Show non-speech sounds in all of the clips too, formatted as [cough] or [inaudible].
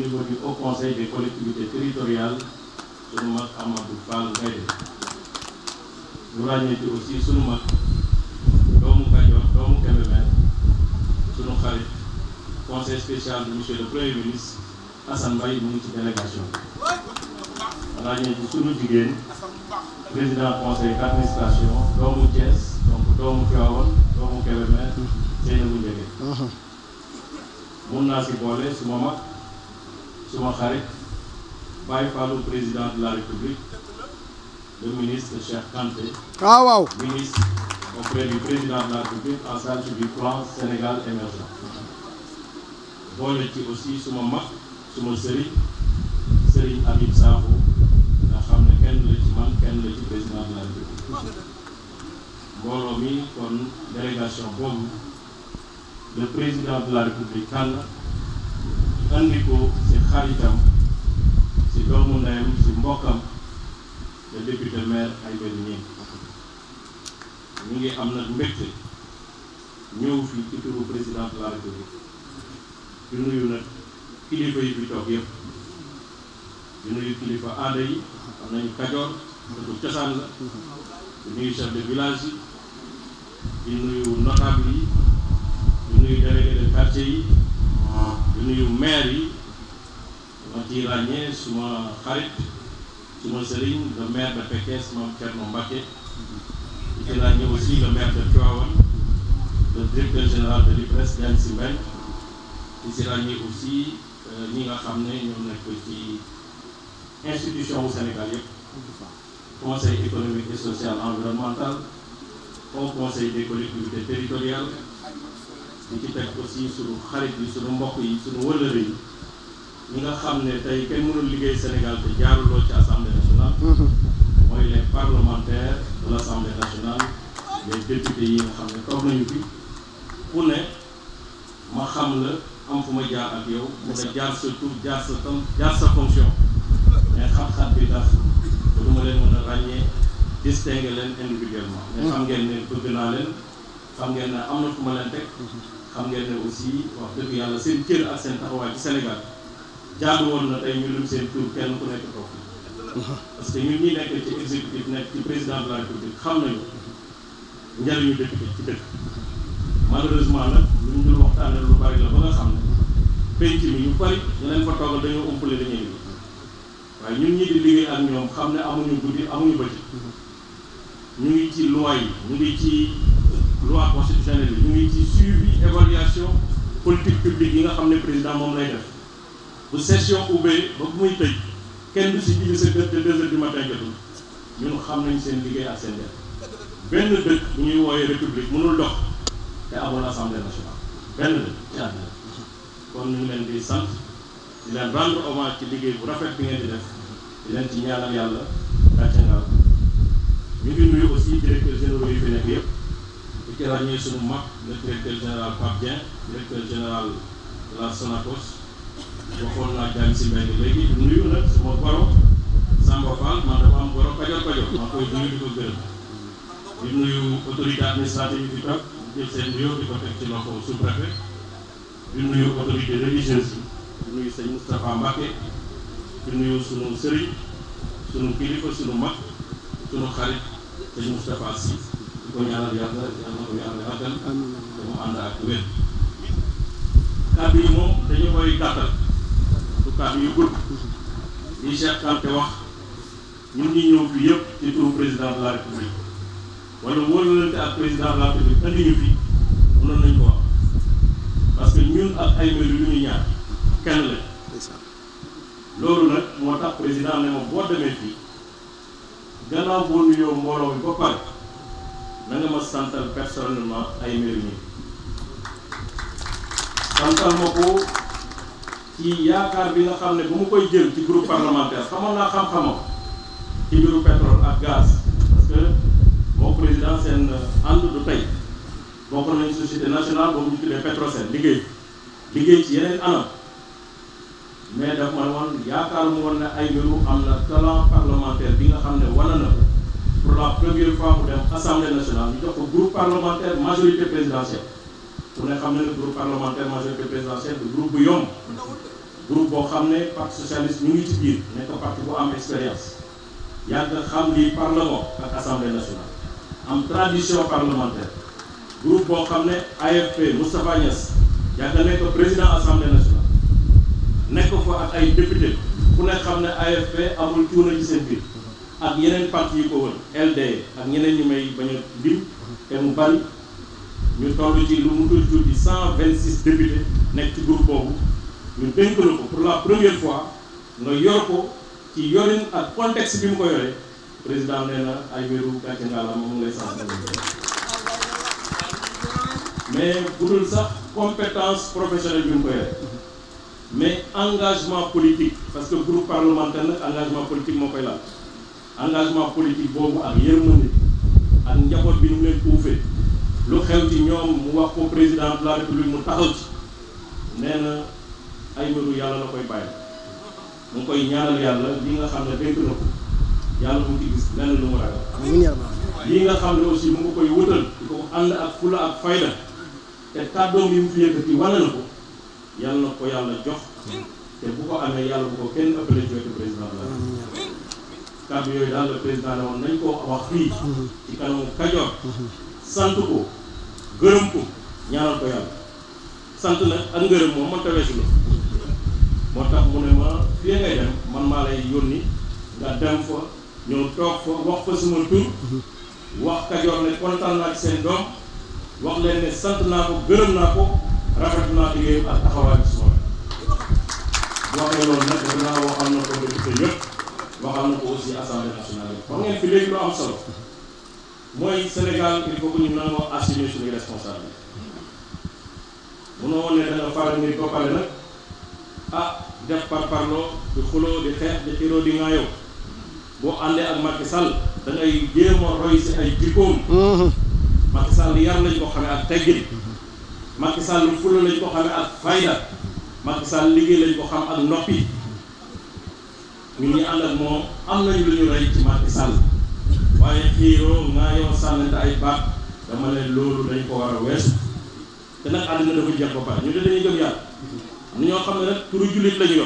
niveau du Haut Conseil des collectivités territoriales sunu mag Amadou Fall Gaye ñu ràññee ci aussi sunu mag doomu Kajoor doomu Kébémer sunu xarit conseil spécial de monsieur le premier ministre Assane Mbaye mu ngi ci délégation ràññee ci sunu jigéen président conseil d'administration doomu Thiès donc doomu Tivaouane doomu Kébémer Seynabou Ndiéguène mun naa si boole suma mag suma xarit Baye Fallou président de la République le ministre Cheikh Kanté ah, waaw ministre auprès du président de la République en charge du plan Sénégal émergent boole ci aussi suma mag suma sëriñ sëriñ Habib Sakho nga xam ne kenn la ci man kenn la ci président de la République mbooloo mi xaritam si doomu ndeyam si mbokkam le député maire Aybel Gningue ñu ngi am nag mbégte ñëw fii ci turu président de la république di nuyu nag kilifa yi fi toog yëpp di nuyu kilifa aada yi am nañu kajoor dëkk cosaan la di nuyu chef village yi di nuyu notable yi di nuyu délégué de quartier yi di nuyu maire yi ma ci ràññee suma xarit suma sëriñ le maire de Pekes moom Thierno Mbacké di ci aussi le maire de Tivaouane le directeur général de l'IPRES Diagne Sy ci ràññee aussi euh, ñi nga xam ne ñoo nekk ci institution wu Sénégal yëpp conseil économique et social environnemental au conseil des collectivités territoriales di ci teg aussi sunu xarit yi sunu mbokk yi sunu wëllëre yi ñi nga xam ne tey kenn mënul liggéey Sénégal te jaaruloo ci assemblée nationale. Mhm. mooy les parlementaires de l' assemblée nationale les députés yi nga xam ne toog nañu fi ku ne ma xam la am fu ma jaar ak yow. mu nga jaar sa tur jaar sa tam jaar sa fonction. mais xam-xam bi tax du ma leen mën a ràññee distinguer leen individuellement. mais xam ngeen ne bëgg naa leen xam ngeen ne am na fu ma leen teg. Mhm. xam ngeen ne aussi wax dëgg yàlla seen cër ak seen taxawaay ci Sénégal. jaadu woon na tey ñu lim seen tur kenn ku nekk toog parce que ñun nii nekk ci exécutif nekk ci président de la république xam nañu njëriñu député ci dëkk malheureusement nag lu ñu dul waxtaanee lu bari la ba nga xam ne penc mi ñu bari ñu leen fa toogal dañoo umpale li ñuy liggéey ak ñoom xam ne amuñu guddi amuñu bëccëg ñu ngi ci loi yi ñu ngi ci loi constitutionnelle yi ñu ngi ci suivi évaluation politique publique yi nga xam ne président moom lay def. bu session ubbee ba bu muy tëj kenn du si julli sa kër te deux du matin jotul ñun xam nañ seen liggéey ak seen def benn dëkk bu ñuy wooyee république mënul dox te amul assemblée nationale benn dëkk ci àddina kon ñu leen di sant di leen rendre hommage ci liggéey bu rafet bi ngeen di def di leen ci ñaanal yàlla gàcce ngaal ñu ngi nuyu aussi directeur généraux yu fi nekk yëpp di ci ràññee suñu mag directeur général Pape directeur général de la waxoon naa jàng si mbedd léegi di nuyu nag sama goro Samba man dama am goro Kajoor Kajoor maa koy nuyu di ko gërëm di nuyu autorité administrative yi fi toog jël seen nuyoo di ko teg ci loxo sous-préfet di nuyu autorité religieuse yi di nuyu sëñ Moustapha Mbacké di nuyu sunu sëriñ sunu kilifa sunu mag sunu xarit sëñ Moustapha Sy di ko ñaanal yàlla yàlla ko yàlla yàggal te mu ànd ak wér kàddu yi moom dañu koy gàttal du kàddu yu gudd li Cheikh Kanté wax ñun ñu ñëw fi yëpp ci turu président de la république wala wóorulante ak président de la république andi ñu fi mënoon nañ ko wax parce que ñun ak ay melu ñu ñaar kenn la loolu nag moo tax président ne ma boo demee fii gannaaw boo nuyoo mbooloo mi ba pare na nga ma santal personnellement ay melu ñi santal ma ko ci yaakaar bi nga xam ne bu mu koy jël ci groupe parlementaire xamoon naa xam-xamam ci mbiru pétrole ak gaz parce que président seen euh, ànd du tey bokk nañ société nationale boobu ñu tuddee Petrosen liggéey liggéey ci yeneen anam mais daf ma woon yaakaar mu woon ne ay mbiru am na talent parlementaire bi nga xam ne wane ko pour fois mu dem assemblée nationale ñu jox ko groupe parlementaire majorité présidentielle bu ne xam ne le groupe parlementaire majorité présidentielle du groupe bu yomb groupe boo xam ne parti socialiste ñu ngi ci biir nekk parti bu am expérience yàgg xam li parlement ak assemblée nationale am tradition parlementaire groupe boo xam ne AFP Moustapha Niass yàgg nekk président assemblée nationale nekk fa ak ay député ku ne xam ne AFP amul cuuna ci seen biir ak yeneen parti yi ko wër LD e, ak ñeneen ñi may bañ lim te mu bari ñu toll ci lu mu tuuti tuuti cent vingt six députés nekk ci groupe boobu ñu dénk la ko pour la première fois nga yor ko ci yorin ak contexte bi mu ko yoree président nee na ay wéru gàcce nga la moom lay sant mais bu dul sax compétence professionnelle bi mu ko yoree mais engagement politique parce que groupe parlementaire nag engagement politique moo koy laal engagement politique boobu ak yërmande ak njaboot bi ñu leen uufee lu xew ci ñoom mu wax ko président de la mu taxaw ci nee na ay mbiru yàlla la koy bàyyi mu koy ñaanal yàlla li nga xam ne dégg na ko yàlla mu ci gis lenn lu nga xam ne aussi mu koy wutal di ko ànd ak fula ak fayda te kàddoom yi mu fi yëkkati wane na ko yàlla na ko yàlla jox te bu ko amee yàlla bu ko kenn ëppale ci wetu président la kàddu yooyu daal la président ne woon nañ koo wax fii ci kanamu Kajoor sant ko gërëm ko ñaanal ko yàlla sant nag ak ngërëm moom man ta moo tax mu ne ma fii ngay dem man maa lay yónni nga dem fa ñëw toog fa wax fa suma tur wax Kajoor ne kontaan naa ci seen doom wax leen ne sant naa ko gërëm naa ko rafet naa liggéeyam ak taxawaay bi suma bu waxee loolu nag daf naa waxal na ko député yëpp waxal na ko aussi assemblée nationale yi wax ngeen fi léegi lu am solo mooy Sénégal il faut que ñu nanoo assumer suñu responsabilité munoo woon ne da faral nit ba pare ah def par parloo di xuloo di xeex di xiroo di ŋaayoo boo àndee ak Macky Sall da ngay a roy si ay jikkoom. Macky Sall yar lañ ko xamee ak teggin. Macky Sall fula lañ ko xamee ak fayda. Macky liggéey lañ ko xam ak noppi ñun ñu ànd ak moom am nañu lu rey ci Macky waaye xiiroo ngaa yow sànnante ay baat dama leen loolu dañ ko war a weesu te nag àddina dafa jeex ba pare ñu ne dañuy gëm yàlla na ñoo xam ne nag turu jullit la ñu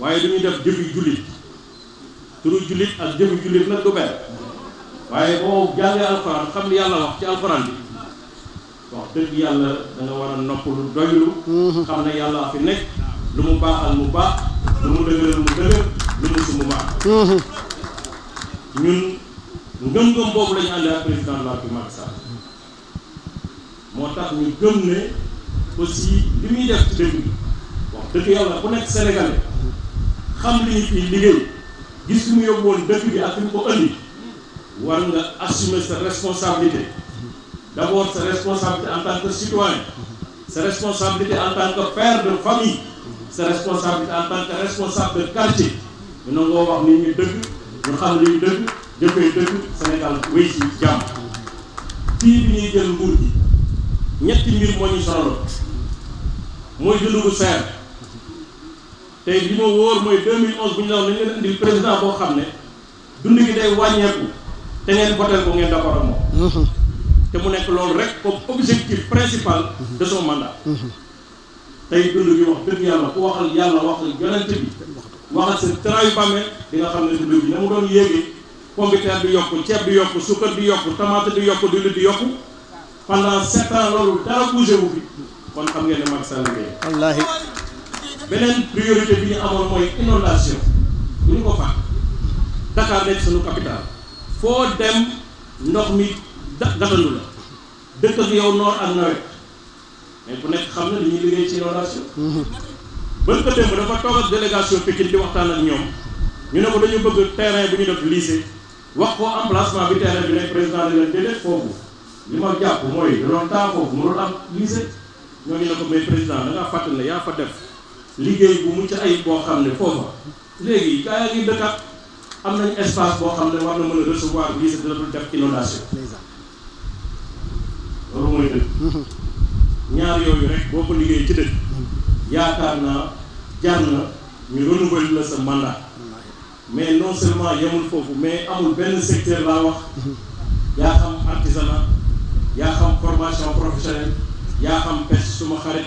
waaye du ñu def jëfi jullit turu jullit ak jëfi jullit nag du benn waaye boo jàngee alxuraan xam li yàlla wax ci alxuraan bi wax dëgg yàlla da war a noppalu doylu mm-hmm. xam ne yàlla fi nekk lu mu baaxal mu baax lu mu dëgëral mu dëgër lu mu su baax mm-hmm. ñun ngëm-ngëm boobu la ñu àndee ak président de la République moo tax ñu gëm ne aussi li muy def ci dëkk bi wax dëgg yàlla ku nekk sénégalais xam li ñu fi liggéey gis li mu yóbbu woon dëkk bi ak li mu ko andi war nga assumer sa responsabilité d'abord sa responsabilité en tant que citoyen sa responsabilité en tant que père de famille sa responsabilité en tant que responsable de quartier ñu nangoo wax ni ñu dëgg ñu xam li ñu dëgg dëkkay dëkk Sénégal wéy si jàmm fii bi ñuy jël nguur gi ñetti mbir moo ñu sonaloon mooy dund gu seer tey li ma wóor mooy 2011 bu ñu la wax nañ président boo xam ne dund gi day wàññeeku te ngeen votel ko ngeen d'accord ak mhm. te mu nekk loolu rek comme objectif principal de son mandat mhm. tey dund gi wax dëgg yàlla ku waxal yàlla waxal yonent bi waxal sa trayu bàmmeel xam ne dund gi na doon yéegee pombiteer bi yokk ceeb bi yokk suukar bi yokku tomate bi yokku diwlin bi yokku pendant sept ans loolu dara bougé wu fi kon xam ngeen ne Macky Sall ngeen. wallaahi. beneen priorité bi ñu amoon mooy inondation bu ñu ko fàq Dakar nekk sunu capital foo dem ndox mi gàttanu la dëkk ak yow noor ak nawet mais ku nekk xam na li ñuy liggéey ci inondation. bën ko démb dafa toog ak délégation Pikine di waxtaan ak ñoom ñu ne ko dañu bëgg terrain bu ñu def lycée. wax ko emplacement bi terrain bi nekk président de leen déedéet foofu li ma jàpp mooy da doon temps foofu mënul am lycée ñoo ngi ko mais président da ngaa yaa fa def liggéey bu mucc ayib boo xam ne foofa léegi gaa yaa ngi dëkkat am nañ espace boo xam ne war na mën a recevoir lycée dina dul def inondation loolu mooy dëgg ñaar yooyu rek boo ko liggéey ci dëkk yaakaar naa jar na ñu renouveler la sa mandat mais non seulement yemul foofu mais amul benn secteur laa wax yaa xam artisanat yaa xam formation professionnelle yaa xam pêche suma xarit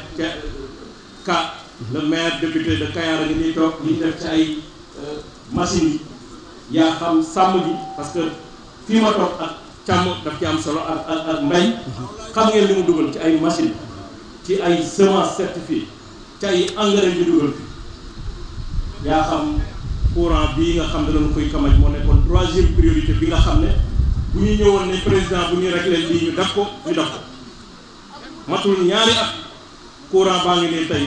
ka le maire député de Kayar a ngi nii toog li ñu def ci ay euh, machines yi yaa xam sàmm bi parce que fii ma toog ak càmm daf ci am solo ak ak ak mbay xam ngeen li mu dugal ci ay machines ci ay semences certifiées ci ay engrais yu dugal yaa xam. courant bii nga xam ne dañu koy kamaj moo nekkoon troisième priorité bi nga xam ne bu ñuy ñëwoon ne président bu ñu réglé lii ñu def ko ñu def ko matul ñaari at courant baa ngi ne tey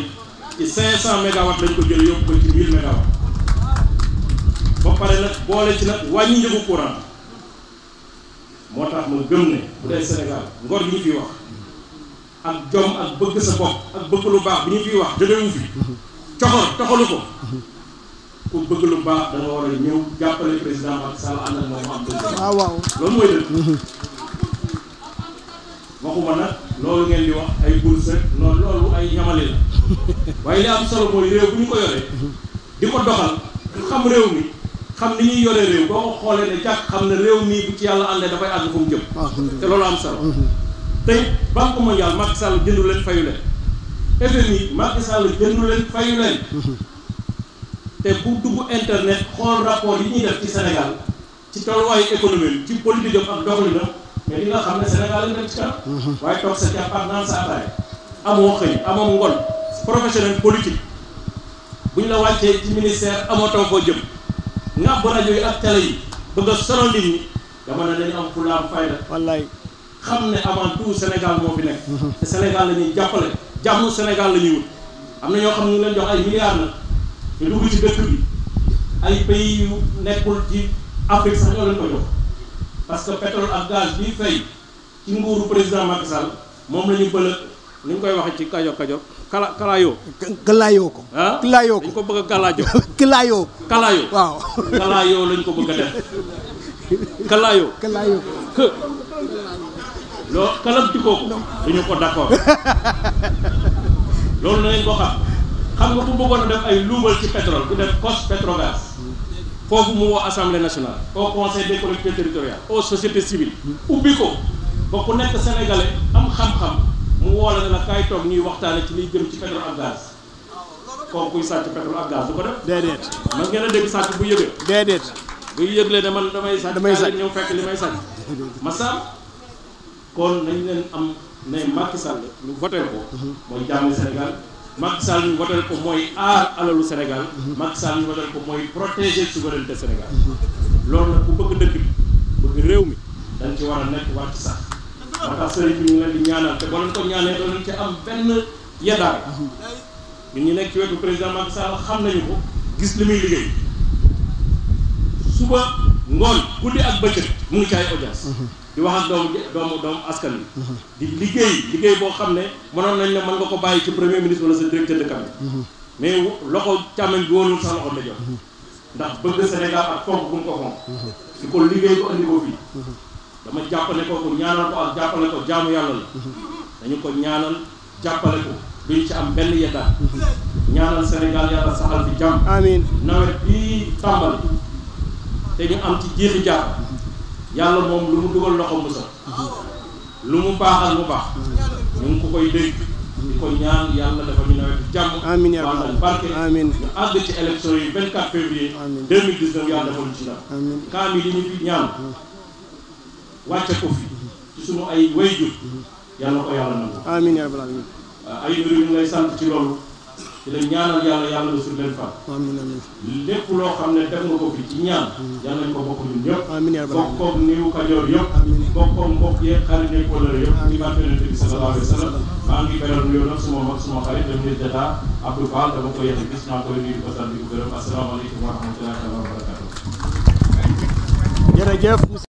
ci cent mégawatts lañ ko jël yóbbu ko ci 1000 mégawatts ba nag boole ci nag wàññi njëgu courant moo tax ma gëm ne bu dee Sénégal ngor gi ñu fiy wax ak jom ak bëgg sa bopp ak bëgg lu baax bi ñu fiy wax jógewu fi coxor coxalu ko. ku bëgg lu baax da nga war a ñëw jàppale président Macky Sall ànd ak moom mu am dëgg. waaw ah, waaw loolu mooy dëgg. Mhm. waxuma nag loolu ngeen di wax ay bourses rek loolu loolu ay ñamale la [laughs] waaye li am solo mooy réew bu ñu ko yoree di ko doxal xam réew mi xam ni ñuy yoree réew boo ko xoolee ne jàpp xam ne réew mii bu ci yàlla àndee dafay àgg fu mu jëm. Ah, te loolu am solo. Mhm. tey Banque mondiale Macky Sall jëndu leen fayu leen. FMI Macky Sall jëndu leen fayu leen. Mhm. te bu dugg internet xool rapport yi ñuy def ci Sénégal ci tolluwaayu économie ci politique am ak doxalinam mais li nga xam ne Sénégal lañ dem ci kanam. Mhm. waaye toog sa jàppaat naan ataay amoo xëy amoo ngol professionnel politique buñ la wàccee ci ministère amatoo foo jëm nga bu rajo yi ak télé yi bëgg a sonal nit dama ne dañu am fulaam fayda. wallaay xam ne avant tout Sénégal moo fi nekk. Mhm. te Sénégal la jàppale jàmm Sénégal la wut am na ñoo xam ne ñu leen jox ay te dugg ci dëkk bi ay yu nekkul ci Afrique sax ñoo ko jox parce que pétrole ak gaz bi fay ci nguuru président Macky moom la ñu bëlëg ñu koy wax ci kajo kajo kala kalaayoo. kalaayoo ko. ah kalaayoo ko dañu ko bëgg a kalaajo. [laughs] kalaayoo. kalaayoo waaw. kalaayoo lañ ko bëgg a ko d'accord [laughs] loolu na ko xam. xam nga ko bëggoon a def ay luubal ci pétrole ku def cos pétrogaz foofu mu woo assemblée nationale au conseil des collectivités territoriales aux sociétés civiles ubbi ko ba ku nekk sénégalais am xam-xam mu woo la ne la kaay toog ñuy waxtaane ci liy jëm ci pétrole ak gaz kooku kuy sàcc pétrole ak gaz du ko def déedéet man ngeen a dégg sàcc bu yëgee déedéet bu yëgle ne man damay sàcc damay sàcc ñëw fekk li may ma masam kon nañ leen am ne Macky Sall ñu voté ko mhm. mooy Macky Sall ñu voté ko mooy aar alalu Sénégal. Macky Sall ñu ko mooy protéger souveraineté Sénégal. loolu nag ku bëgg dëkk bi bëgg réew mi dañ ci war a nekk wàcc sax moo tax sëriñ ñu leen di ñaanal te boo leen ko ñaanee doo ci am benn yeddaay ñun ñu nekk ci wetu président Macky Sall xam nañu ko gis li muy liggéey suba ngoon guddi ak bëccëg mu ngi caay audience. di wax ak doomu doomu doomu askan bi di liggéey liggéey boo xam ne mënoon nañ ne mën nga ko bàyyi ci premier ministre wala sa directeur de cabinet mais loxo càmmoñ bi wóolul sax loxo ndeyjoor ndax bëgg Sénégal ak fonk bu mu ko fonk di ko liggéey ko andi ko fii dama jàppale ko ko ñaanal ko yàlla la dañu ko ñaanal jàppale ko duñ ci am benn yeddaat ñaanal Sénégal yàlla saxal fi jàmm amiin nawet bii tàmbali te ñu am ci jeexi jaar yàlla moom lu mu dugal loxo mu sax lu mu baaxal mu baax ñu ngi ko koy dégg di ko ñaan yàlla dafa ñu nawet jàmm amiin yaa rabbi barke amiin ñu àgg ci élection yi 24 février 2019 yàlla dafa ñu ci ndam kaami ñaan wàcce ko fi ci suñu ay wayjur yàlla ko yàlla nangu amiin yaa rabbi ay mbir yu ñu lay ci loolu di la ñaanal yàlla yàlla na sur leen fan. amiin lépp loo xam ne def ko fi ci ñaan. yàlla nañ ko bokk ñun ñëpp. amiin yaa rabbi bokkoog niwu Kajoor yëpp. amiin bokkoog mbokk yeeg xarit yeeg wala yëpp. amiin ci barke Yonent bi sallallahu alayhi wa sallam. maa ngi beral nuyoo nag suma mag suma xarit dem di ko sant di ko gërëm asalaamaaleykum wa rahmatullahi wa barakatuh.